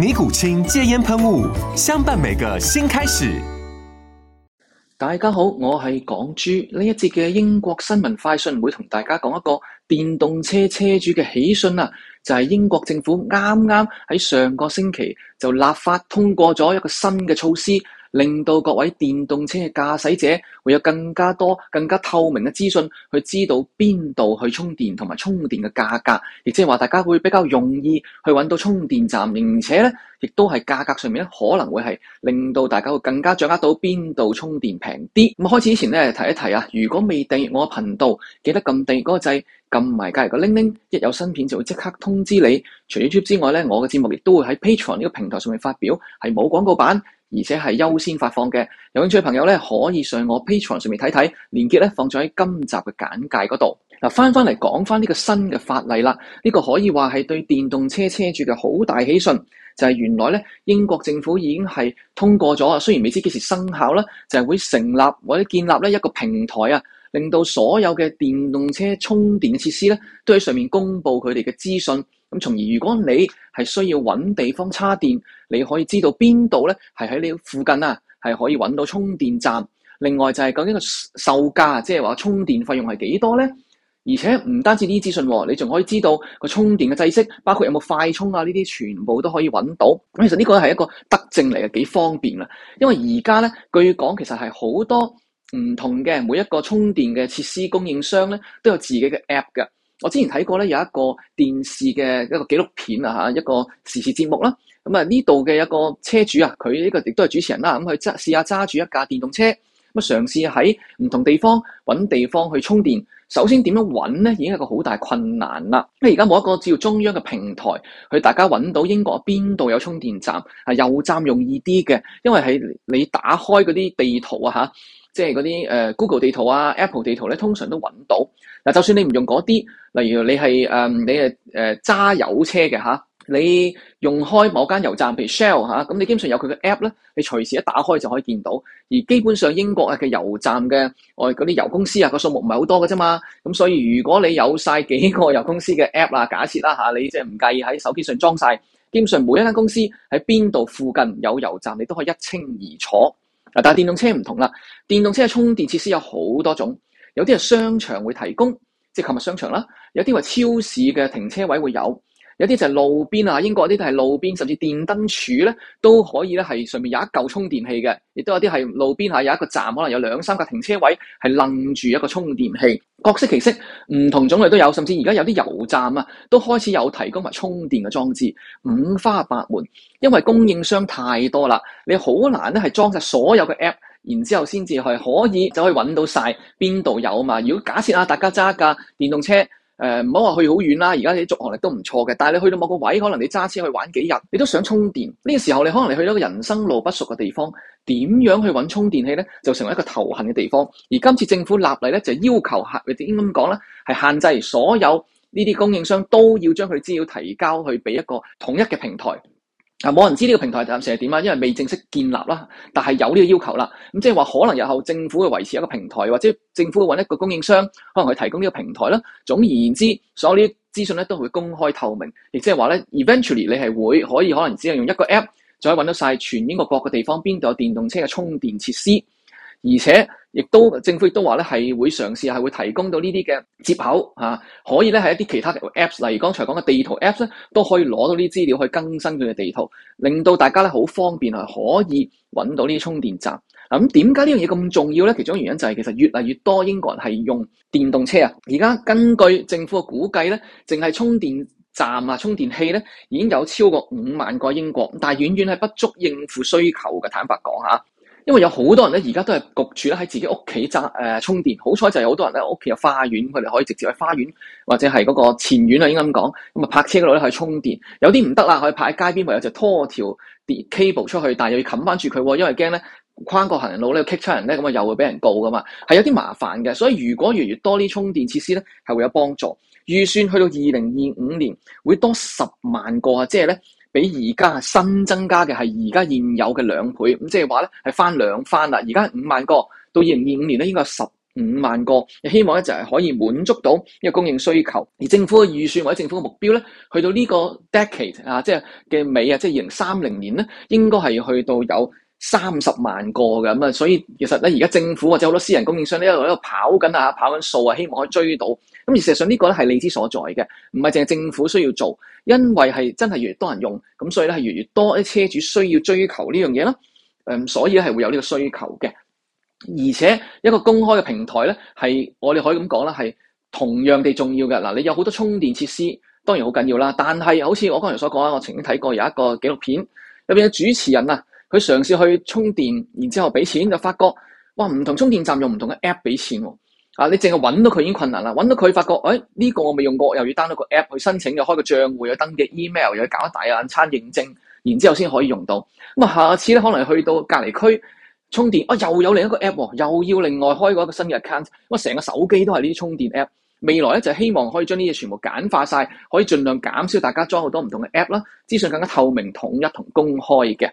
尼古清戒煙噴霧，相伴每個新開始。大家好，我係港豬。呢一節嘅英國新聞快訊，會同大家講一個電動車車主嘅喜訊啊！就係英國政府啱啱喺上個星期就立法通過咗一個新嘅措施。令到各位電動車駕駛者會有更加多、更加透明嘅資訊，去知道邊度去充電同埋充電嘅價格，亦即係話大家會比較容易去揾到充電站，而且呢亦都係價格上面可能會係令到大家會更加掌握到邊度充電平啲。咁、嗯、開始之前呢，提一提啊，如果未訂閱我頻道，記得撳訂閱嗰個掣，撳埋隔離個鈴鈴，一有新片就會即刻通知你。除咗 YouTube 之外呢，我嘅節目亦都會喺 Patreon 呢個平台上面發表，係冇廣告版。而且係優先發放嘅，有興趣嘅朋友呢，可以上我 Patreon 上面睇睇，連結呢，放咗喺今集嘅簡介嗰度。嗱，翻翻嚟講翻呢個新嘅法例啦，呢、這個可以話係對電動車車主嘅好大喜訊，就係、是、原來呢，英國政府已經係通過咗，雖然未知幾時生效啦，就係、是、會成立或者建立呢一個平台啊，令到所有嘅電動車充電嘅設施呢都喺上面公布佢哋嘅資訊。咁，從而如果你係需要揾地方叉電，你可以知道邊度咧係喺你附近啊，係可以揾到充電站。另外就係究竟個售價，即係話充電費用係幾多咧？而且唔單止呢啲資訊，你仲可以知道個充電嘅制式，包括有冇快充啊呢啲，全部都可以揾到。咁其實呢個係一個德政嚟嘅，幾方便啦。因為而家咧，據講其實係好多唔同嘅每一個充電嘅設施供應商咧，都有自己嘅 App 㗎。我之前睇過咧有一個電視嘅一個紀錄片啊嚇，一個時事節目啦。咁啊呢度嘅一個車主啊，佢呢個亦都係主持人啦。咁佢揸試下揸住一架電動車，咁嘗試喺唔同地方揾地方去充電。首先點樣揾咧，已經係個好大困難啦。因為而家冇一個照中央嘅平台，去大家揾到英國邊度有充電站，係有站容易啲嘅。因為喺你打開嗰啲地圖啊嚇。即係嗰啲誒 Google 地圖啊、Apple 地圖咧，通常都揾到。嗱、啊，就算你唔用嗰啲，例如你係誒、呃、你誒誒揸油車嘅嚇，你用開某間油站，譬如 Shell 嚇，咁你基本上有佢嘅 app 咧，你隨時一打開就可以見到。而基本上英國啊嘅油站嘅外嗰啲油公司啊，個數目唔係好多嘅啫嘛。咁所以如果你有晒幾個油公司嘅 app 啦，假設啦嚇，你即係唔介意喺手機上裝晒，基本上每一間公司喺邊度附近有油站，你都可以一清二楚。但係電動車唔同啦，電動車嘅充電設施有好多種，有啲係商場會提供，即係購物商場啦；有啲話超市嘅停車位會有。有啲就係路邊啊，英國有啲都係路邊，甚至電燈柱呢都可以咧係上面有一嚿充電器嘅，亦都有啲係路邊啊有一個站，可能有兩三個停車位係楞住一個充電器，各式其式，唔同種類都有。甚至而家有啲油站啊，都開始有提供埋充電嘅裝置，五花八門。因為供應商太多啦，你好難咧係裝曬所有嘅 app，然之後先至係可以就可以揾到曬邊度有嘛。如果假設啊，大家揸架電動車。誒唔好話去好遠啦，而家啲續航力都唔錯嘅，但係你去到某個位，可能你揸車去玩幾日，你都想充電。呢個時候你可能你去到一個人生路不熟嘅地方，點樣去揾充電器咧，就成為一個頭痕嘅地方。而今次政府立例咧，就要求客點咁講咧，係限制所有呢啲供應商都要將佢資料提交去俾一個統一嘅平台。啊！冇人知呢個平台暫時係點啊，因為未正式建立啦。但係有呢個要求啦。咁即係話可能日後政府會維持一個平台，或者政府會揾一個供應商，可能去提供呢個平台啦。總而言之，所有呢啲資訊咧都會公開透明，亦即係話咧，eventually 你係會可以可能只係用一個 app 就可以揾到晒全英國各個地方邊度有電動車嘅充電設施。而且，亦都政府亦都話咧，係會嘗試係會提供到呢啲嘅接口嚇、啊，可以咧係一啲其他 Apps，例如剛才講嘅地圖 Apps 咧，都可以攞到呢啲資料去更新佢嘅地圖，令到大家咧好方便係可以揾到呢啲充電站。咁點解呢樣嘢咁重要咧？其中原因就係其實越嚟越多英國人係用電動車啊。而家根據政府嘅估計咧，淨係充電站啊、充電器咧，已經有超過五萬個英國，但係遠遠係不足應付需求嘅。坦白講嚇。因為有好多人咧，而家都係焗住咧喺自己屋企揸誒充電。好彩就係有好多人咧，屋企有花園，佢哋可以直接喺花園或者係嗰個前院啊，應該咁講。咁啊泊車嗰度咧可以充電，有啲唔得啦，可以泊喺街邊，唯有就拖條電 cable 出去，但係又要冚翻住佢，因為驚咧跨過行人路咧棘出人咧，咁啊又會俾人告噶嘛，係有啲麻煩嘅。所以如果越來越多啲充電設施咧，係會有幫助。預算去到二零二五年會多十萬個啊，即係咧。比而家新增加嘅係而家現有嘅兩倍，咁即係話咧係翻兩番啦。而家五萬個到二零二五年咧，應該係十五萬個，又希望咧就係可以滿足到呢個供應需求。而政府嘅預算或者政府嘅目標咧，去到呢個 decade 啊，即係嘅尾啊，即係二零三零年咧，應該係去到有。三十萬個嘅，咁啊，所以其實咧，而家政府或者好多私人供應商咧一路喺度跑緊啊，跑緊數啊，希望可以追到。咁而事實上呢個咧係利之所在嘅，唔係淨係政府需要做，因為係真係越嚟越多人用，咁所以咧係越嚟越多啲車主需要追求呢樣嘢啦。嗯，所以係會有呢個需求嘅。而且一個公開嘅平台咧，係我哋可以咁講啦，係同樣地重要嘅。嗱，你有好多充電設施，當然好緊要啦。但係好似我剛才所講啊，我曾經睇過有一個紀錄片入邊嘅主持人啊。佢嘗試去充電，然之後俾錢就發覺，哇！唔同充電站用唔同嘅 App 俾錢喎。啊，你淨係揾到佢已經困難啦，揾到佢發覺，誒、哎、呢、這個我未用過，又要 down 到個 App 去申請，又開個賬戶，又登記 email，又要搞一大眼餐認證，然之後先可以用到。咁啊，下次咧可能去到隔離區充電，啊又有另一個 App，啊、又要另外開嗰個新嘅 account。咁、啊、成個手機都係呢啲充電 App。未來咧就是、希望可以將呢啲全部簡化晒，可以盡量減少大家裝好多唔同嘅 App 啦，資訊更加透明統一同公開嘅。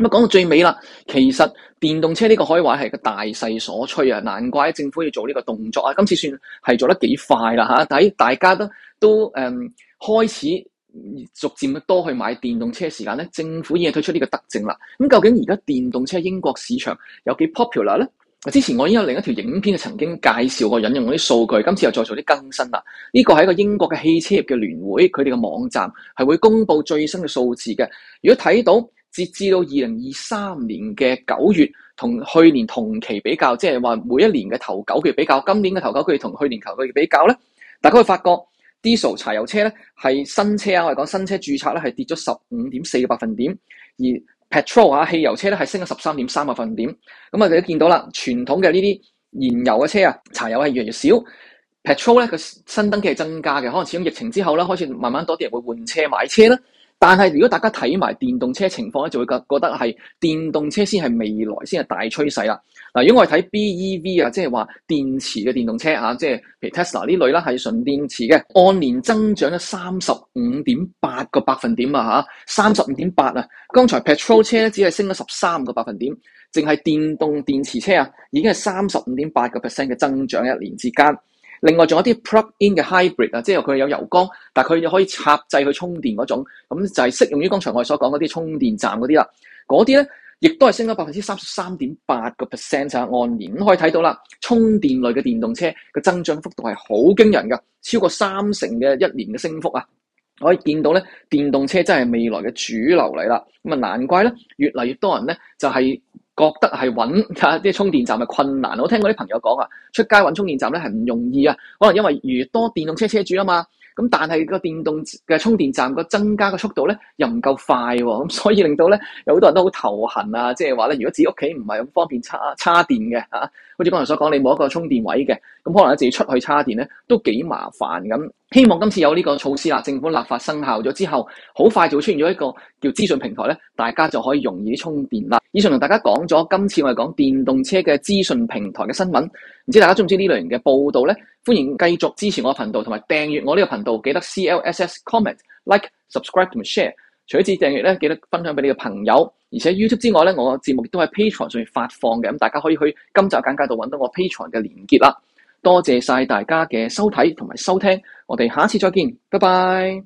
咁啊，講到最尾啦，其實電動車呢個可以話係個大勢所趨啊，難怪政府要做呢個動作啊！今次算係做得幾快啦、啊、嚇，但係大家都都誒、嗯、開始逐漸多去買電動車時間咧，政府已經推出呢個特政啦。咁、嗯、究竟而家電動車英國市場有幾 popular 咧？之前我已經有另一條影片曾經介紹過引用嗰啲數據，今次又再做啲更新啦。呢個係一個英國嘅汽車業嘅聯會，佢哋嘅網站係會公布最新嘅數字嘅。如果睇到。截至到二零二三年嘅九月，同去年同期比較，即係話每一年嘅頭九月比較，今年嘅頭九月同去年頭九月比較咧，大家會發覺 Diesel 柴油車咧係新車啊，我哋講新車註冊咧係跌咗十五點四個百分點，而 Petrol 啊汽油車咧係升咗十三點三個百分點。咁啊，你都見到啦，傳統嘅呢啲燃油嘅車啊，柴油係越嚟越少，Petrol 咧佢新登記係增加嘅，可能始終疫情之後咧開始慢慢多啲人會換車買車啦。但係如果大家睇埋電動車情況就會覺覺得係電動車先係未來先係大趨勢啦。如果我哋睇 BEV 啊，即係話電池嘅電動車啊，即係譬如 Tesla 呢類啦，係純電池嘅，按年增長咗三十五點八個百分點啊，三十五點八啊。剛才 petrol 車只係升咗十三個百分點，淨、啊、係電動電池車啊，已經係三十五點八個 percent 嘅增長一年之間。另外仲有啲 plug-in 嘅 hybrid 啊，即係佢有油缸，但係佢又可以插制去充電嗰種，咁就係適用於剛才我哋所講嗰啲充電站嗰啲啦。嗰啲咧，亦都係升咗百分之三十三點八個 percent 就係，按年咁可以睇到啦。充電類嘅電動車個增長幅度係好驚人噶，超過三成嘅一年嘅升幅啊！可以見到咧，電動車真係未來嘅主流嚟啦。咁啊，難怪咧，越嚟越多人咧就係。覺得係揾，即啲充電站係困難，我聽過啲朋友講啊，出街揾充電站咧係唔容易啊，可能因為越多電動車車主啊嘛，咁但係個電動嘅充電站個增加嘅速度咧又唔夠快喎，咁所以令到咧有好多人都好頭痕啊，即係話咧，如果自己屋企唔係咁方便插插電嘅啊，好似剛才所講，你冇一個充電位嘅，咁可能咧自己出去插電咧都幾麻煩咁。希望今次有呢個措施啦，政府立法生效咗之後，好快就會出現咗一個叫資訊平台呢，大家就可以容易啲充電啦。以上同大家講咗今次我係講電動車嘅資訊平台嘅新聞，唔知道大家知唔知呢類型嘅報道呢？歡迎繼續支持我嘅頻道同埋訂閱我呢個頻道，記得 C L S S comment like subscribe and share。除咗次訂閱呢，記得分享俾你嘅朋友。而且 YouTube 之外呢，我嘅節目亦都喺 Patreon 上面發放嘅，大家可以去今集簡介度揾到我 Patreon 嘅連結啦。多謝晒大家嘅收睇同埋收聽，我哋下次再見，拜拜。